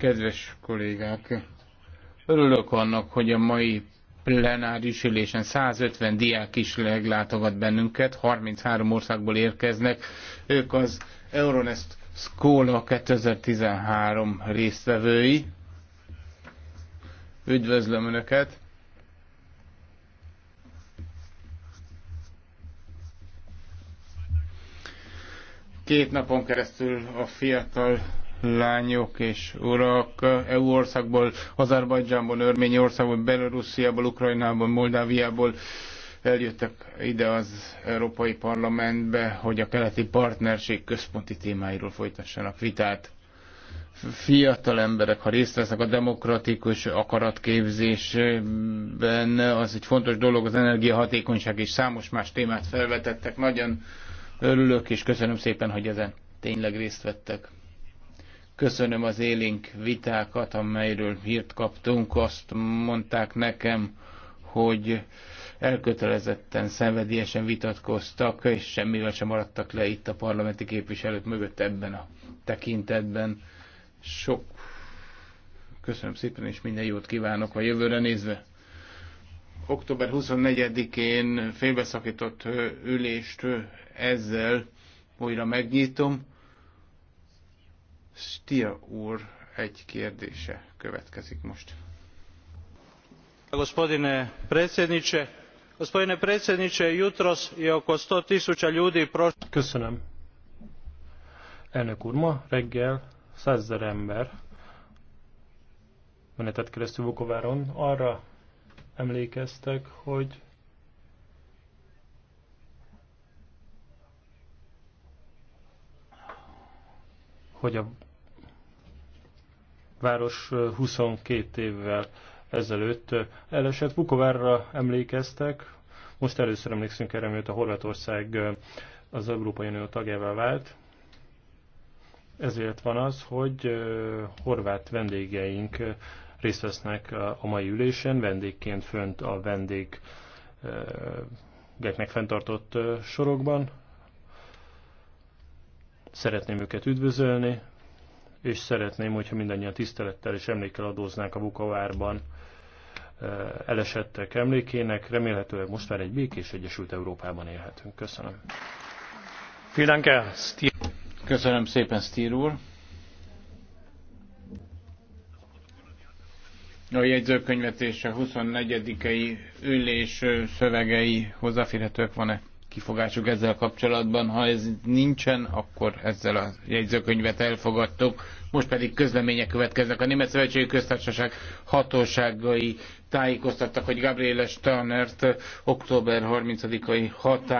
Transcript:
Kedves kollégák, örülök annak, hogy a mai plenáris ülésen 150 diák is leglátogat bennünket, 33 országból érkeznek. Ők az Euronest Skola 2013 résztvevői. Üdvözlöm Önöket! Két napon keresztül a fiatal lányok és urak EU országból, Azerbajdzsánból, Örményországból, Belorussziából, Ukrajnából, Moldáviából eljöttek ide az Európai Parlamentbe, hogy a keleti partnerség központi témáiról folytassanak vitát. Fiatal emberek, ha részt vesznek a demokratikus akaratképzésben, az egy fontos dolog, az energiahatékonyság és számos más témát felvetettek. Nagyon örülök, és köszönöm szépen, hogy ezen tényleg részt vettek. Köszönöm az élénk vitákat, amelyről hírt kaptunk. Azt mondták nekem, hogy elkötelezetten, szenvedélyesen vitatkoztak, és semmivel sem maradtak le itt a parlamenti képviselők mögött ebben a tekintetben. Sok köszönöm szépen, és minden jót kívánok a jövőre nézve. Október 24-én félbeszakított ülést ezzel újra megnyitom. Stia úr egy kérdése következik most. Gospodine predsjedniče, gospodine predsjedniče, jutros je oko 100 tisuća ljudi prošlo... Köszönöm. Elnök úr, ma reggel 100 000 ember menetet keresztül Vukováron arra emlékeztek, hogy hogy a város 22 évvel ezelőtt elesett. Vukovárra emlékeztek, most először emlékszünk erre, mióta Horvátország az Európai Unió tagjává vált. Ezért van az, hogy horvát vendégeink részt vesznek a mai ülésen, vendégként fönt a vendégeknek fenntartott sorokban. Szeretném őket üdvözölni, és szeretném, hogyha mindannyian tisztelettel és emlékkel adóznánk a Bukavárban eh, elesettek emlékének. Remélhetőleg most már egy békés Egyesült Európában élhetünk. Köszönöm. Köszönöm szépen, Stier úr. A jegyzőkönyvet 24. a 24. ülés szövegei hozzáférhetőek van-e? kifogásuk ezzel kapcsolatban. Ha ez nincsen, akkor ezzel a jegyzőkönyvet elfogadtuk. Most pedig közlemények következnek. A Német Szövetségi Köztársaság hatóságai tájékoztattak, hogy Gabriele Stanert október 30-ai határ